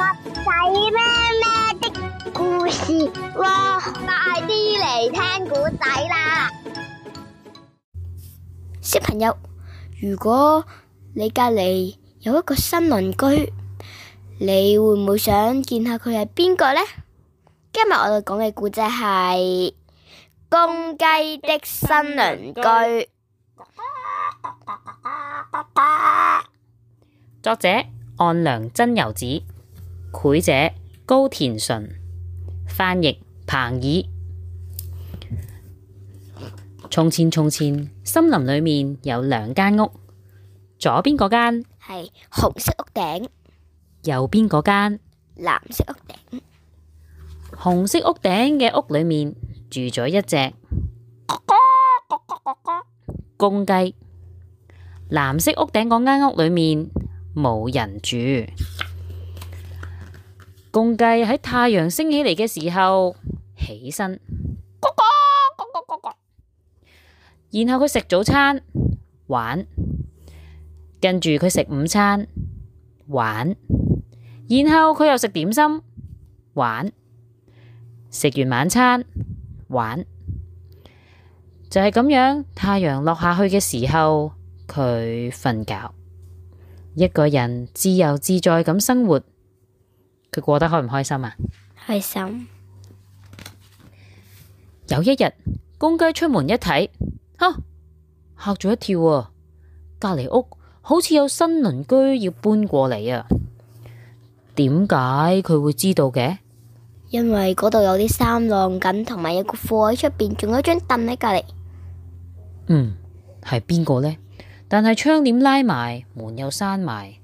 仔咩咩的故事，哇！快啲嚟聽古仔啦，小朋友。如果你隔籬有一個新鄰居，你會唔會想見下佢係邊個呢？今日我哋講嘅故仔係公雞的新鄰居。作者岸良真由子。繪者高畠純，翻譯彭懿。從前從前，森林裏面有兩間屋，左邊嗰間係紅色屋頂，右邊嗰間藍色屋頂。紅色屋頂嘅屋裏面住咗一隻公雞，藍色屋頂嗰間屋裏面冇人住。公雞喺太陽升起嚟嘅時候起身，咕咕咕咕咕咕，然後佢食早餐，玩，跟住佢食午餐，玩，然後佢又食點心，玩，食完晚餐，玩，就係咁樣。太陽落下去嘅時候，佢瞓覺，一個人自由自在咁生活。佢過得開唔開心啊？開心。有一日，公雞出門一睇，吓嚇咗一跳啊！隔籬屋好似有新鄰居要搬過嚟啊！點解佢會知道嘅？因為嗰度有啲衫晾緊，同埋有個貨喺出邊，仲有一張凳喺隔籬。嗯，係邊個呢？但係窗簾拉埋，門又閂埋，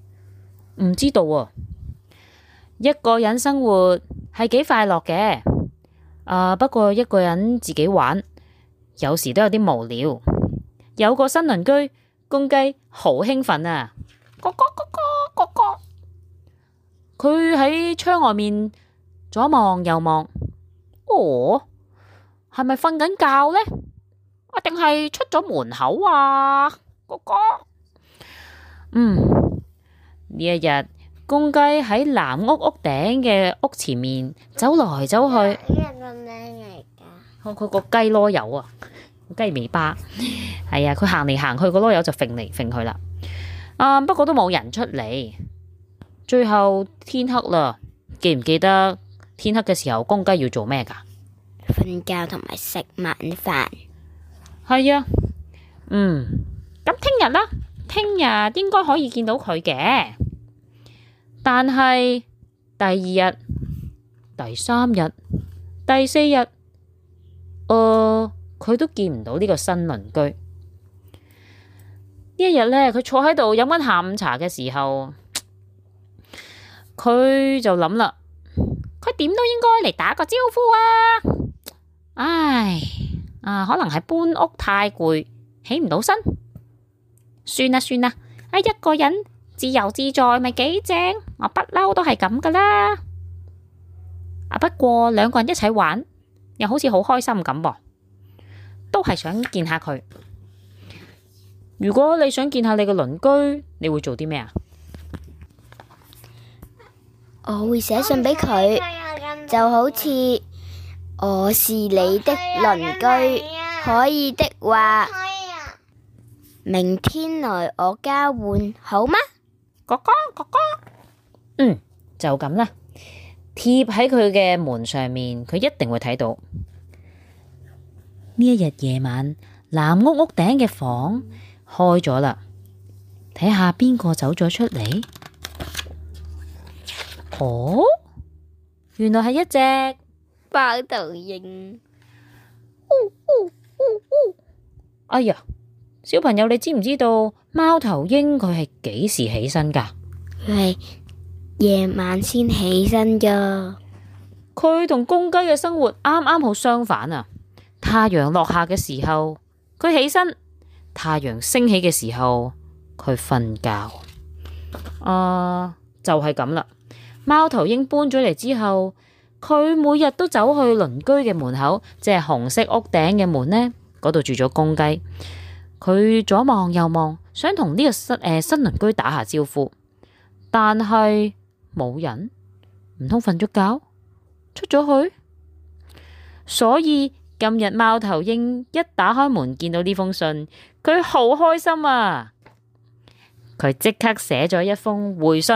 唔知道啊！一個人生活係幾快樂嘅，啊，不過一個人自己玩，有時都有啲無聊。有個新鄰居，公雞好興奮啊！哥哥哥哥哥哥，佢喺窗外面左望右望，哦，係咪瞓緊覺呢？啊，定係出咗門口啊？哥哥，嗯，呢一日。公雞喺南屋屋頂嘅屋前面走來走去。咩個名嚟噶哦，佢個雞囉柚啊，個雞尾巴係啊，佢行嚟行去個囉柚就揈嚟揈去啦。啊，不過都冇人出嚟。最後天黑啦，記唔記得天黑嘅時候公雞要做咩噶？瞓覺同埋食晚飯。係啊，嗯，咁聽日啦，聽日應該可以見到佢嘅。但係第二日，第三日，第四日，哦，呃，佢都見唔到呢個新鄰居。呢一日呢，佢坐喺度飲緊下午茶嘅時候，佢就諗啦，佢點都應該嚟打個招呼啊！唉，啊，呃，可能係搬屋太攰，起唔到身，算啦算啦，啊，哎，一個人。自由自在咪幾正，我不嬲都係咁噶啦。啊，不過兩個人一齊玩，又好似好開心咁噃，都係想見下佢。如果你想見下你嘅鄰居，你會做啲咩啊？我會寫信俾佢，就好似我是你的鄰居，可以的話，明天來我家玩好嗎？哥哥，哥哥，嗯，就咁啦，貼喺佢嘅門上面，佢一定會睇到。呢一日夜晚，藍屋屋頂嘅房開咗啦，睇下邊個走咗出嚟。哦，原來係一隻貓頭鷹。嗚嗚嗚嗚，哦哦哦哦、哎呀！小朋友，你知唔知道貓頭鷹佢係幾時起身噶？佢係夜晚先起身噶。佢同公雞嘅生活啱啱好相反啊！太陽落下嘅時候佢起身，太陽升起嘅時候佢瞓覺。啊，就係咁啦。貓頭鷹搬咗嚟之後，佢每日都走去鄰居嘅門口，即係紅色屋頂嘅門呢，嗰度住咗公雞。佢左望右望，想同呢個新誒新鄰居打下招呼，但係冇人，唔通瞓咗覺？出咗去？所以今日貓頭鷹一打開門見到呢封信，佢好開心啊！佢即刻寫咗一封回信，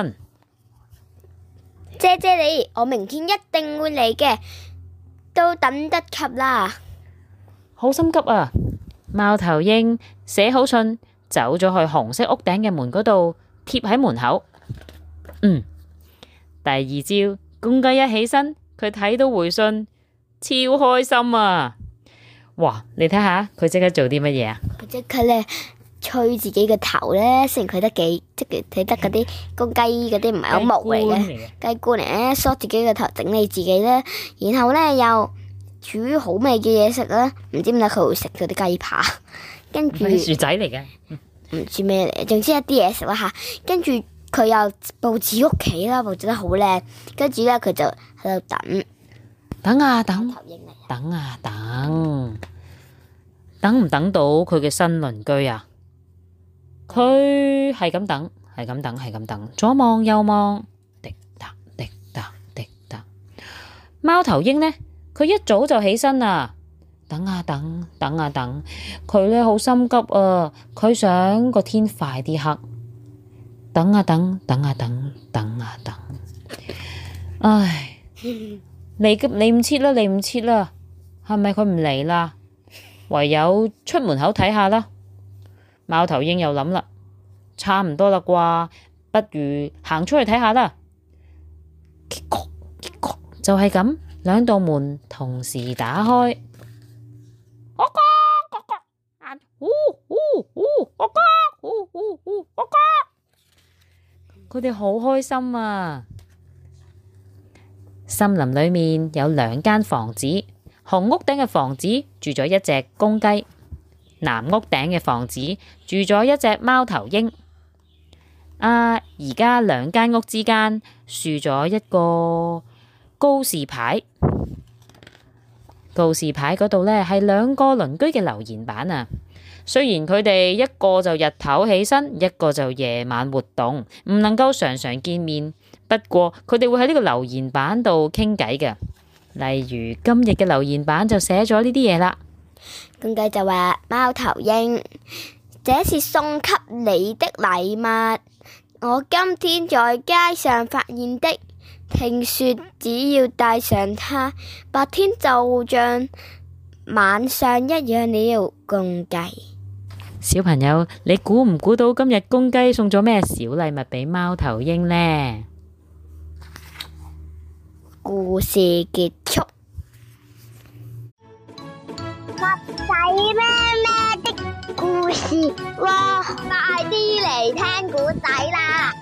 謝謝你，我明天一定會嚟嘅，都等得及啦，好心急啊！貓頭鷹寫好信，走咗去紅色屋頂嘅門嗰度貼喺門口。嗯，第二朝公雞一起身，佢睇到回信，超開心啊！哇，你睇下佢即刻做啲乜嘢啊？佢即刻咧吹自己嘅頭咧，雖然佢得幾即係睇得嗰啲公雞嗰啲唔係好毛嚟嘅雞冠嚟嘅，梳自己嘅頭，整理自己咧，然後咧又。煮好味嘅嘢食啦，唔知點解佢會食嗰啲雞扒， 跟住著薯仔嚟嘅，唔 知咩嚟。總之一啲嘢食啦吓，跟住佢又布置屋企啦，布置得好靚。跟住咧，佢就喺度等等啊，等，等，啊，等，啊等，等啊等，等唔等到佢嘅新鄰居啊？佢係咁等，係咁等，係咁等，等，左望右望，滴答滴答滴答，滴答。貓頭鷹呢？佢一早就起身啦，等啊等，等啊等，佢咧好心急啊，佢想個天快啲黑，等啊等，等啊等，等啊等，唉，嚟急，嚟唔切啦，嚟唔切啦，係咪佢唔嚟啦？唯有出門口睇下啦。貓頭鷹又諗啦，差唔多啦啩，不如行出去睇下啦。就係咁。兩道門同時打開，我哥，我哥，嗚嗚嗚，我哥，嗚嗚嗚，我哥。佢哋好開心啊！森林裏面有兩間房子，紅屋頂嘅房子住咗一隻公雞，藍屋頂嘅房子住咗一隻貓頭鷹。啊，而家兩間屋之間住咗一個。告示牌，告示牌嗰度呢，係兩個鄰居嘅留言板啊。雖然佢哋一個就日頭起身，一個就夜晚活動，唔能夠常常見面。不過佢哋會喺呢個留言板度傾偈嘅。例如今日嘅留言板就寫咗呢啲嘢啦。咁佢就話：貓頭鷹，這是送給你的禮物，我今天在街上發現的。聽說只要帶上它，白天就像晚上一樣。你要公雞？小朋友，你估唔估到今日公雞送咗咩小禮物俾貓頭鷹呢？故事結束。襪仔咩咩的故事？哇！快啲嚟聽故仔啦！